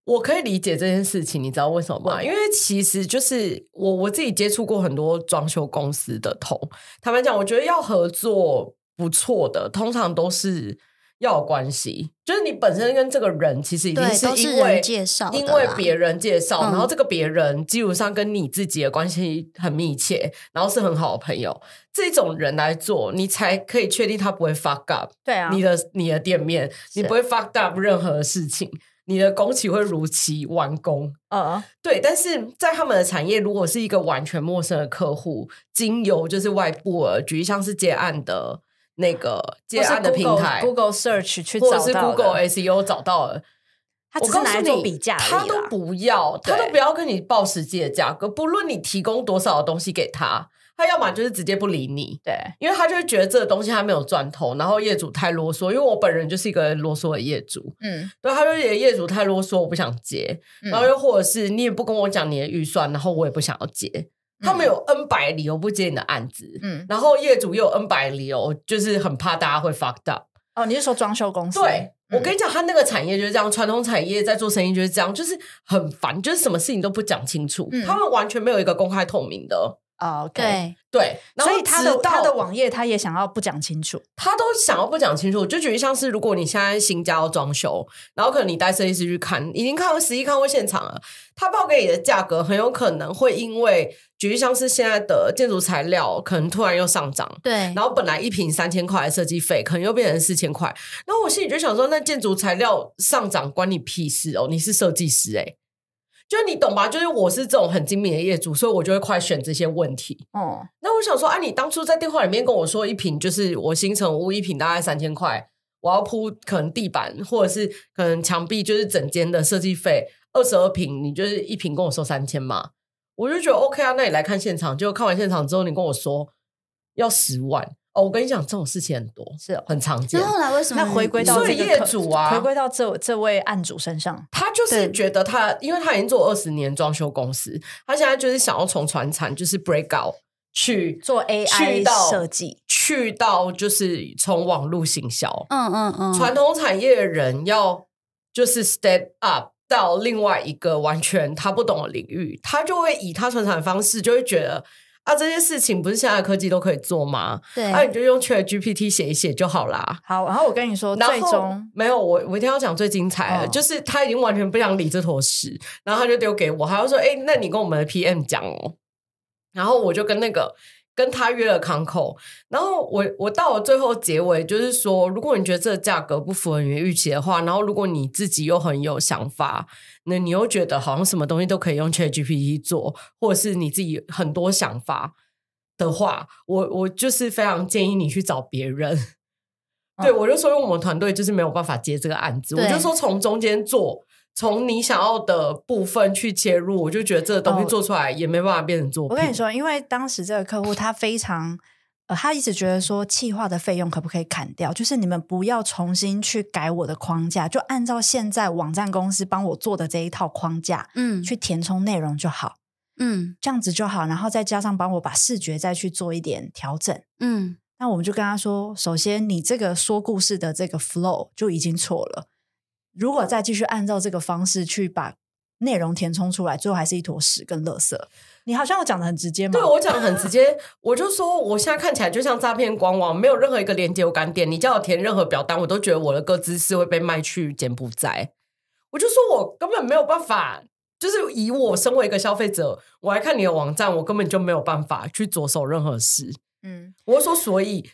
我可以理解這件事情，你知道為什麼嗎？因為其實就是我我自己接觸過很多裝修公司的頭，坦白講，我覺得要合作不錯的，通常都是要有關係，就是你本身跟這個人其實已經是因為是介紹，因為別人介紹，嗯、然後這個別人基本上跟你自己的關係很密切，然後是很好的朋友，這種人來做，你才可以確定他不會 fuck up。對啊，你的你的店面，是你不會 fuck up 任何事情。你的工期會如期完工，啊、uh. 對，但是在他們的產業，如果是一個完全陌生的客戶，經由就是外部，舉像是接案的那個接案的 Google 平台，Google Search 去找，或是 Google SEO 找到，只我告訴你，比價他都不要，對他都不要跟你報實際的價格，不論你提供多少的東西給他。他要嘛就是直接不理你，對，因為他就是覺得這個東西他沒有賺頭，然後業主太囉嗦，因為我本人就是一個囉嗦的業主，嗯，對，他就覺得業主太囉嗦，我不想接，嗯、然後又或者是你也不跟我講你的預算，然後我也不想要接，他們有 N 百理由不接你的案子，嗯，然後業主也有 N 百理由，就是很怕大家會 fucked up，哦，你是說裝修公司？對，嗯、我跟你講，他那個產業就是這樣，傳統產業在做生意就是這樣，就是很煩，就是什麼事情都不講清楚，嗯、他們完全沒有一個公開透明的。哦，對 Okay, Okay. 對，所以然後他的他的網頁他也想要不講清楚，他都想要不講清楚。就舉例像是如果你現在新家要裝修，然後可能你帶設計師去看，已經看十一，看過現場了，他報給你的價格很有可能會因為舉例像是現在的建築材料可能突然又上漲，對，然後本來一瓶三千塊的設計費，可能又變成四千塊。然後我心裡就想說，那建築材料上漲關你屁事哦，你是設計師哎、欸。就你懂吧？就是我是這種很精明的業主，所以我就會快選這些問題。哦、嗯，那我想說啊，你當初在電話裡面跟我說一平就是我新成屋一平大概三千塊，我要鋪可能地板或者是可能牆壁，就是整間的設計費二十二平，你就是一平跟我收三千嘛？我就覺得 OK 啊，那你來看現場，就看完現場之後你跟我說要十萬。哦，我跟你講，這種事情很多，是、哦、很常見。那後來為什麼回歸到這個所以業主啊，回歸到這位這位案主身上，他就是覺得他，對因為他已經做二十年裝修公司，他現在就是想要從傳產就是 break out 去做 AI 去到設計去到就是從網絡行銷，嗯嗯嗯，嗯嗯傳統產業的人要就是 step up 到另外一個完全他不懂的領域，他就會以他傳產方式，就會覺得。啊，這些事情不是現在科技都可以做嗎？對，啊，你就用 Chat GPT 寫一寫就好啦。好，然後我跟你說，後最終沒有我，我一定要講最精彩的，嗯、就是他已經完全不想理這坨屎，嗯、然後他就丟給我，還要說：“哎，那你跟我們的 PM 講哦。對”然後我就跟那個跟他約了康口。然後我我到了最後結尾，就是說，如果你覺得這個價格不符合你的預期的話，然後如果你自己又很有想法。那你又覺得好像什麼東西都可以用 ChatGPT 做，或者是你自己很多想法的話，我我就是非常建議你去找別人。哦、對，我就說因為我們團隊就是沒有辦法接這個案子，對我就說從中間做，從你想要的部分去切入，我就覺得這個東西做出來也沒辦法變成作品，哦。我跟你說，因為當時這個客戶他非常。呃，他一直覺得說企劃的費用可不可以砍掉？就是你們不要重新去改我的框架，就按照現在網站公司幫我做的這一套框架，嗯，去填充內容就好，嗯，這樣子就好。然後再加上幫我把視覺再去做一點調整，嗯。那我們就跟他說，首先你這個說故事的這個 flow 就已經錯了，如果再繼續按照這個方式去把。內容填充出來，最後還是一坨屎跟垃圾。你好像我講的很直接嗎？對我講的很直接， 我就說我現在看起來就像詐騙官網，沒有任何一個連接我敢點。你叫我填任何表單，我都覺得我的個資是會被賣去柬埔寨。我就說我根本沒有辦法，就是以我身為一個消費者，我來看你的網站，我根本就沒有辦法去着手任何事。嗯， 我就說所以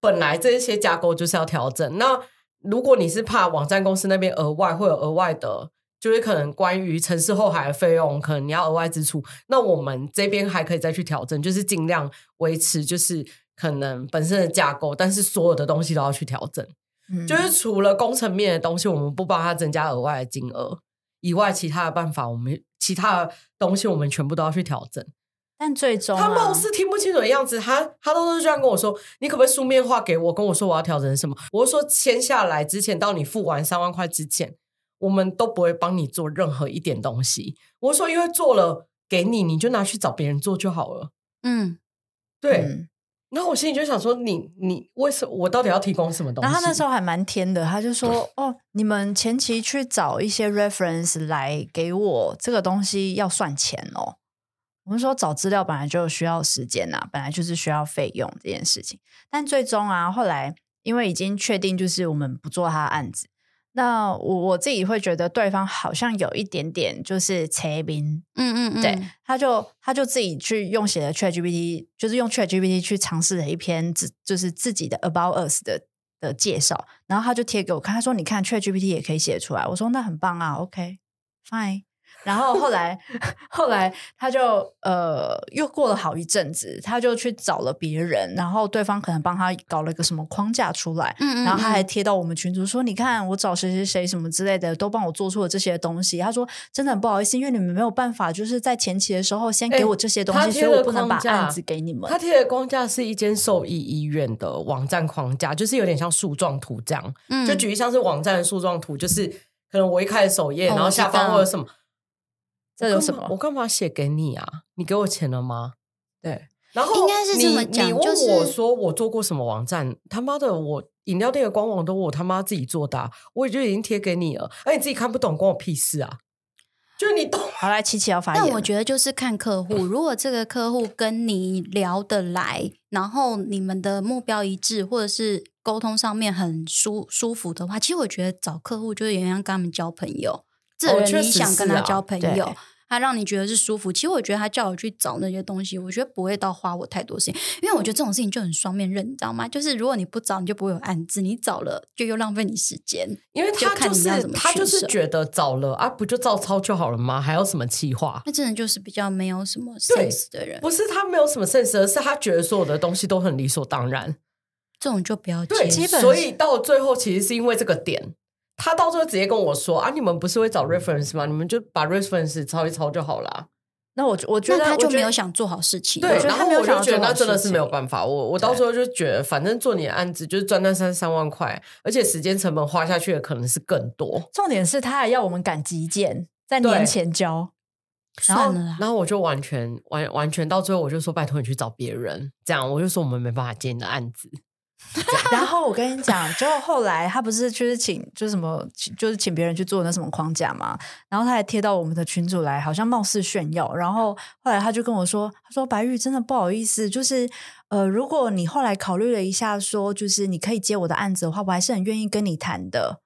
本來這些架構就是要調整。那如果你是怕網站公司那邊額外會有額外的。就是可能關於城市後海的費用，可能你要額外支出。那我們這邊還可以再去調整，就是盡量維持就是可能本身的架構，但是所有的東西都要去調整。嗯、就是除了工程面的東西，我們不幫他增加額外的金額以外，其他的辦法，我們其他的東西，我們全部都要去調整。但最終、啊、他貌似聽不清楚的樣子，他他都是這樣跟我說：“你可不可以書面化給我，跟我說我要調整什麼？”我說：“簽下來之前，到你付完三萬塊之前。”我們都不會幫你做任何一點東西。我說，因為做了給你，你就拿去找別人做就好了。嗯，對。嗯、然後我心裡就想說，你你為什麼我到底要提供什麼東西？然後他那時候還蠻天的，他就說：“對哦，你們前期去找一些 reference 來給我，這個東西要算錢哦。”我們說找資料本來就需要時間吶、啊，本來就是需要費用這件事情。但最終啊，後來因為已經確定，就是我們不做他的案子。那我我自己會覺得對方好像有一點點就是催眠、嗯，嗯嗯嗯，對，他就他就自己去用寫的 ChatGPT，就是用 ChatGPT 去嘗試了一篇自就是自己的 About Us 的的介紹，然後他就貼給我看，他說你看 ChatGPT 也可以寫出來，我說那很棒啊，OK fine。然後後來， 後來他就呃，又過了好一陣子，他就去找了別人，然後對方可能幫他搞了一個什麼框架出來，嗯、嗯、嗯，然後他還貼到我們群組說：“你看，我找誰誰誰什麼之類的，都幫我做出了這些東西。”他說：“真的很不好意思，因為你們沒有辦法，就是在前期的時候先給我這些東西，欸、所以我不能把案子給你們。”他貼的框架是一間獸醫醫院的網站框架，就是有點像樹狀圖這樣。嗯，就舉一像是網站的樹狀圖，就是可能我一開始首頁，嗯、然後下方或者什麼。哦這有什麼我？我幹嘛寫給你啊？你給我錢了嗎？對，然後你應該是這麼講，就是我說我做過什麼網站？就是，他媽的我，我飲料店的官網都我他媽自己做的，啊，我也就已經貼給你了。哎，啊，你自己看不懂，關我屁事啊！就是你懂。好來，琪琪要發言。但我覺得就是看客戶，如果這個客戶跟你聊得來， 然後你們的目標一致，或者是溝通上面很舒舒服的話，其實我覺得找客戶就是有點像跟他們交朋友。覺得你想跟他交朋友，啊、他讓你覺得是舒服。其實我覺得他叫我去找那些東西，我覺得不會到花我太多時間，因為我覺得這種事情就很雙面刃，你知道嗎？就是如果你不找，你就不會有案子；你找了，就又浪費你時間。因為他就是就看他就是覺得找了啊，不就照抄就好了嗎？還有什麼企劃？那真的就是比較沒有什麼 sense 的人。不是他沒有什麼 sense，而是他覺得所有的東西都很理所當然。這種就不要對，所以到最後其實是因為這個點。他到時候直接跟我說啊，你們不是會找 reference 嗎？你們就把 reference 抄一抄就好了。那我我覺得他就沒有想做好事情。對，對然後我就覺得那真的是沒有辦法。我我到時候就覺得，反正做你的案子就是賺那三三萬塊，對而且時間成本花下去的可能是更多。重點是他還要我們趕急件，在年前交。算了對，然後，然後我就完全完完全到最後，我就說拜托你去找別人。這樣，我就說我們沒辦法接你的案子。 然後我跟你講，就後來他不是去請就是請就什麼就是請別人去做那什麼框架嘛，然後他還貼到我們的群組來，好像貌似炫耀。然後後來他就跟我說：“他說白玉真的不好意思，就是呃，如果你後來考慮了一下說，說就是你可以接我的案子的話，我還是很願意跟你談的。”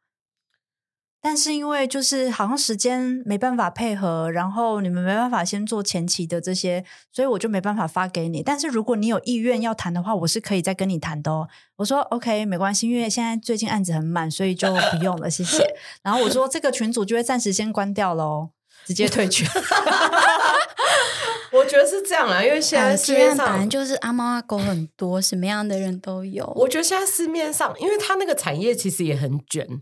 但是因為就是好像時間沒辦法配合，然後你們沒辦法先做前期的這些，所以我就沒辦法發給你。但是如果你有意願要談的話，我是可以再跟你談的哦。我說 OK，沒關係，因為現在最近案子很滿，所以就不用了，謝謝。 然後我說這個群組就會暫時先關掉嘍，直接退群。 我覺得是這樣啦、啊，因為現在市面上、哎、本來就是阿貓阿狗很多， 什麼樣的人都有。我覺得現在市面上，因為它那個產業其實也很捲。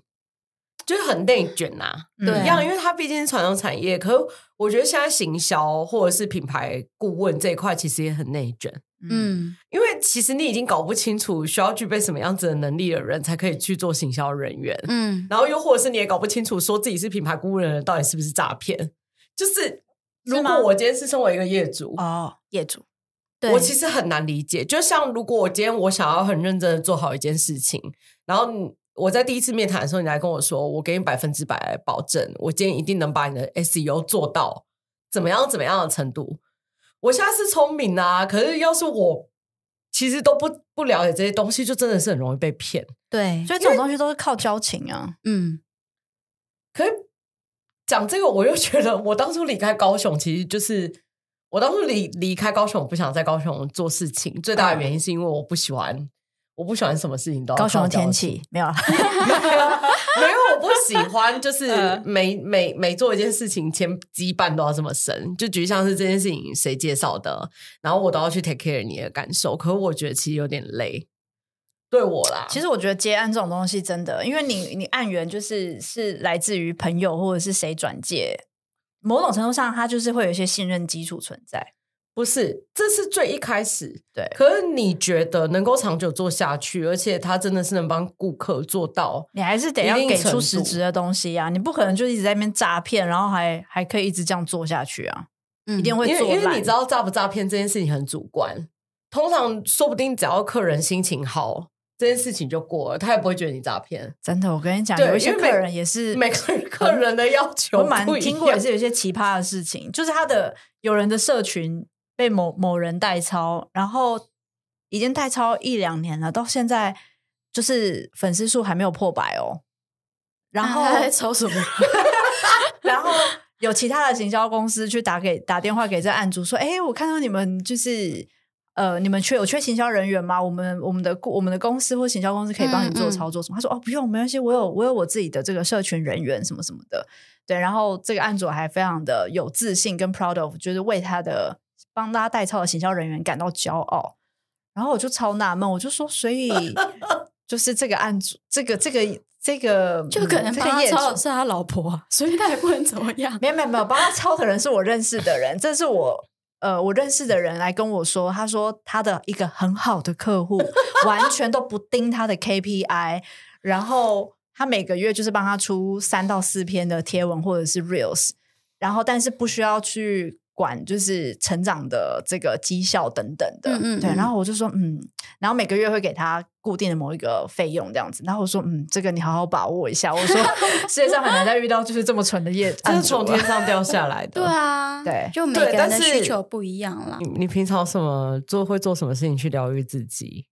就是很內捲吶、啊，嗯、一樣，因為它畢竟是傳統產業。嗯、可我覺得現在行銷或者是品牌顧問這一塊，其實也很內捲。嗯，因為其實你已經搞不清楚需要具備什麼樣子的能力的人，才可以去做行銷人員。嗯，然後又或者是你也搞不清楚，說自己是品牌顧問的人，到底是不是詐騙？就是如果我今天是身為一個業主哦，業主，我其實很難理解。對就像如果我今天我想要很認真的做好一件事情，然後。我在第一次面談的時候，你來跟我說，我給你百分之百來保證，我今天一定能把你的 SEO 做到怎麼樣怎麼樣的程度。我現在是聰明啊，可是要是我其實都不不了解這些東西，就真的是很容易被騙。對，所以這種東西都是靠交情啊。因為，嗯，可是講這個，我又覺得我當初離開高雄，其實就是我當初離離開高雄，我不想在高雄做事情，嗯、最大的原因是因為我不喜歡。我不喜歡什麼事情都要。高雄的天氣沒有了，沒有，因為我不喜歡，就是每 每每做一件事情，牽羈絆都要這麼深，就比如像是這件事情誰介紹的，然後我都要去 take care 你的感受，可是我覺得其實有點累。對我啦，其實我覺得接案這種東西真的，因為你你案源就是是來自於朋友或者是誰轉介，某種程度上，它就是會有一些信任基礎存在。不是，這是最一開始對。可是你覺得能夠長久做下去，而且他真的是能幫顧客做到，你還是得要給出實質的東西呀，啊。你不可能就一直在那邊詐騙，然後還還可以一直這樣做下去啊！嗯、一定會做爛。因為你知道詐不詐騙這件事情很主觀，通常說不定只要客人心情好，這件事情就過了，他也不會覺得你詐騙。真的，我跟你講，有一些客人也是每個客人的要求，我蠻聽過也是有些奇葩的事情，就是他的有人的社群。被某某人代操，然後已經代操一兩年了，到現在就是粉絲數還沒有破百哦。然後在操、啊、什麼？ 然後有其他的行銷公司去打給打電話給這個案主說：“哎、欸，我看到你們就是呃，你們缺有缺行銷人員嗎？我們我們的我們的公司或行銷公司可以幫你做操作什麼？”嗯嗯他說：“哦，不用，沒關係，我有我有我自己的這個社群人員什麼什麼的。”對，然後這個案主還非常的有自信跟 proud of，就是為他的。幫他代操的行銷人員感到驕傲，然後我就超納悶，我就說，所以就是這個案主，這個這個這個，這個、就可能幫他操的是他老婆，所以他也不能怎麼樣。 沒有沒有沒有，幫他操的可能是我認識的人， 這是我呃我認識的人來跟我說，他說他的一個很好的客戶， 完全都不盯他的 KPI，然後他每個月就是幫他出三到四篇的貼文或者是 Reels，然後但是不需要去。管就是成長的這個績效等等的，嗯，嗯，嗯，對。然後我就說，嗯，然後每個月會給他固定的某一個費用這樣子。然後我說，嗯，這個你好好把握一下。 我說，世界上很難再遇到就是這麼蠢的業， 這是從天上掉下來的。 對啊，對，就每個人的需求不一樣了。你你平常什麼做會做什麼事情去療癒自己？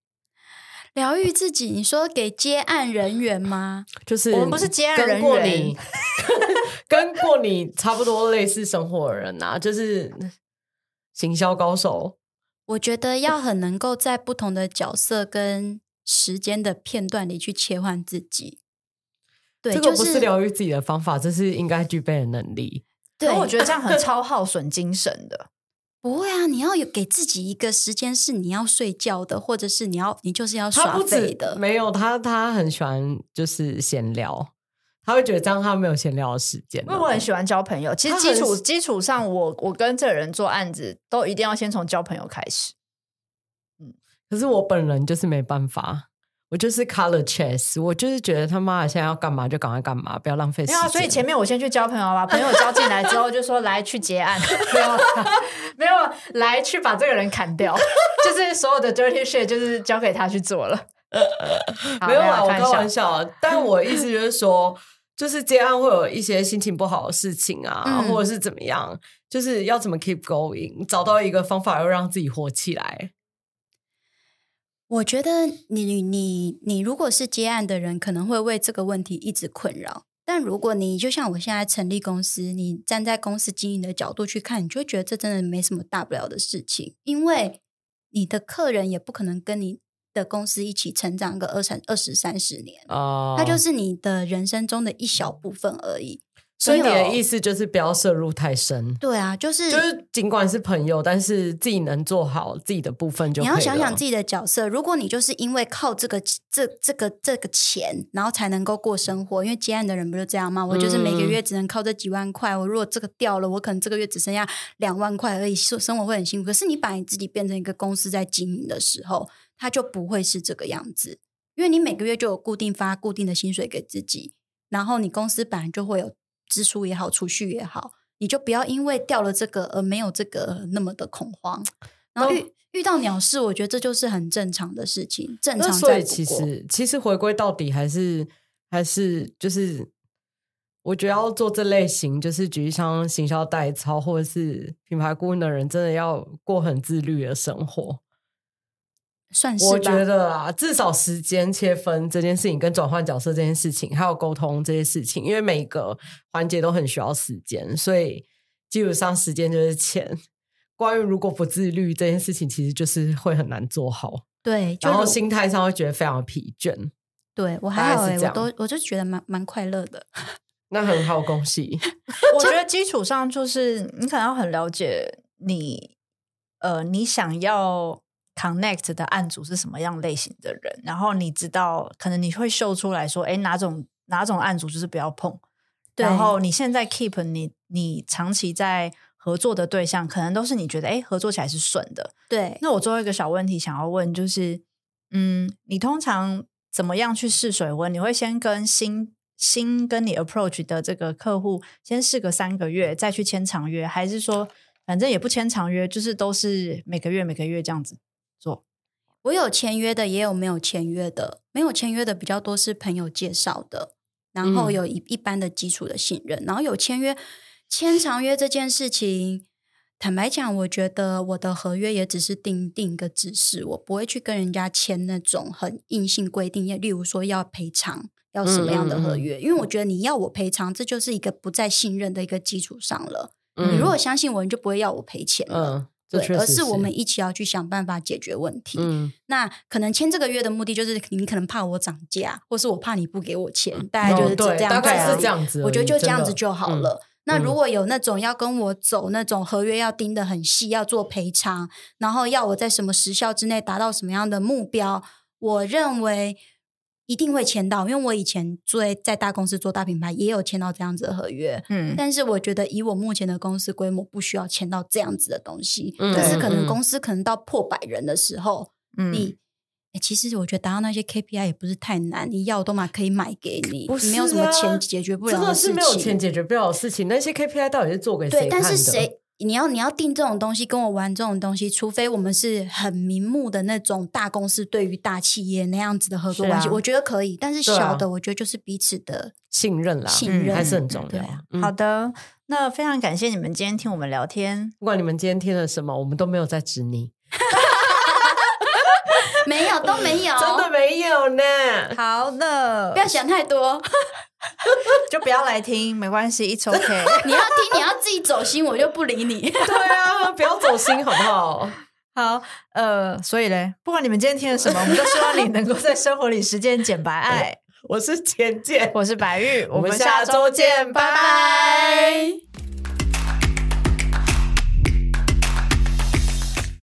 療癒自己？你說給接案人員嗎？就是我們不是接案人員。 跟過你差不多類似生活的人吶、啊,就是行銷高手。我覺得要很能夠在不同的角色跟時間的片段裡去切換自己。對，這個不是療癒自己的方法， 這是應該具備的能力。對 但我覺得這樣很超耗損精神的。 不會啊，你要有給自己一個時間是你要睡覺的，或者是你要你就是要耍廢的。沒有他，他很喜歡就是閒聊。他會覺得這樣他沒有閒聊的時間，因為我很喜歡交朋友。其實基礎基礎上，我我跟這個人做案子，都一定要先從交朋友開始。可是我本人就是沒辦法，我就是 color chess，我就是覺得他媽現在要幹嘛就趕快幹嘛，不要浪費時間。所以前面我先去交朋友吧，朋友交進來之後就說來去結案，沒有沒有來去把這個人砍掉，就是所有的 dirty shit 就是交給他去做了。沒有啊，我開玩笑，但我意思就是說。就是接案會有一些心情不好的事情啊，嗯、或者是怎麼樣，就是要怎麼 keep going，找到一個方法，要讓自己活起來。我覺得你你你，你如果是接案的人，可能會為這個問題一直困擾。但如果你就像我現在成立公司，你站在公司經營的角度去看，你就會覺得這真的沒什麼大不了的事情，因為你的客人也不可能跟你。的公司一起成長個二三二十三十年，哦、它就是你的人生中的一小部分而已。所以你的意思就是不要涉入太深，對啊，就是就是儘管是朋友，哇但是自己能做好自己的部分就可以。你要想想自己的角色。如果你就是因為靠這個這這個這個錢，然後才能夠過生活，因為接案的人不就這樣嗎？我就是每個月只能靠這幾萬塊，嗯、我如果這個掉了，我可能這個月只剩下兩萬塊而已，所以生生活會很辛苦。可是你把你自己變成一個公司在經營的時候。他就不會是這個樣子，因為你每個月就有固定發固定的薪水給自己，然後你公司本來就會有支出也好、儲蓄也好，你就不要因為掉了這個而沒有這個那麼的恐慌。然後遇遇到鳥事，我覺得這就是很正常的事情，正常。所以其實其實回歸到底還是還是就是，我覺得要做這類型，就是舉一箱行銷代操或者是品牌顧問的人，真的要過很自律的生活。算我覺得啊，至少時間切分這件事情，跟轉換角色這件事情，還有溝通這件事情，因為每一個環節都很需要時間，所以基本上時間就是錢。關於如果不自律這件事情，其實就是會很難做好。對，就是、然後心態上會覺得非常疲倦。對我還好、欸，還我都，我就覺得蠻蠻快樂的。 那很好，恭喜！ 我覺得基礎上就是你可能要很了解你，呃，你想要。Connect 的案主是什麼樣類型的人？然後你知道，可能你會秀出來說：“哎，哪種哪種案主就是不要碰。”對。然後你現在 Keep 你你長期在合作的對象，可能都是你覺得，哎，合作起來是順的。對。那我最後一個小問題想要問，就是嗯，你通常怎麼樣去試水溫？你會先跟新新跟你 Approach 的這個客戶先試個三個月，再去簽長約，還是說反正也不簽長約，就是都是每個月每個月這樣子？做，我有簽約的，也有沒有簽約的。沒有簽約的比較多是朋友介紹的，然後有一、嗯、一般的基礎的信任。然後有簽約簽長約這件事情，坦白講，我覺得我的合約也只是定定一個指示，我不會去跟人家簽那種很硬性規定，例如說要賠償要什麼樣的合約。嗯嗯、因為我覺得你要我賠償，這就是一個不再信任的一個基礎上了。嗯、你如果相信我，你就不會要我賠錢了。對，是而是我們一起要去想辦法解決問題。嗯、那可能簽這個約的目的，就是你可能怕我漲價，或是我怕你不給我錢，大概就是這樣，哦、不然 大概是這樣子。我覺得就這樣子就好了。嗯、那如果有那種要跟我走那種合約，要盯得很細，要做賠償，然後要我在什麼時效之內達到什麼樣的目標，我認為，一定會簽到，因為我以前做在大公司做大品牌也有簽到這樣子的合約，嗯，但是我覺得以我目前的公司規模不需要簽到這樣子的東西，嗯、但是可能公司可能到破百人的時候，嗯，你、欸、其實我覺得達到那些 KPI 也不是太難，你要都嘛可以買給你，不是、啊、沒有什麼錢解決不了的事情，真的是沒有錢解決不了的事情，那些 KPI 到底是做給誰看的？對，但是誰你要你要定這種東西跟我玩這種東西，除非我們是很明目的那種大公司對於大企業那樣子的合作關係，啊、我覺得可以。但是小的，我覺得就是彼此的信任啦，嗯、信任還是很重要。啊嗯、好的，那非常感謝你們今天聽我們聊天，不管你們今天聽了什麼，我們都沒有在指你。 沒有都沒有， 真的沒有呢。好的，不要想太多。 就不要來聽，沒關係，It's, okay。你要聽，你要自己走心， 我就不理你。 對啊，不要走心，好不好？好，呃，所以嘞，不管你們今天聽了什麼， 我們都希望你能夠在生活裡實踐簡白愛。欸、我是簡簡，我是白玉， 我們下週見，拜拜。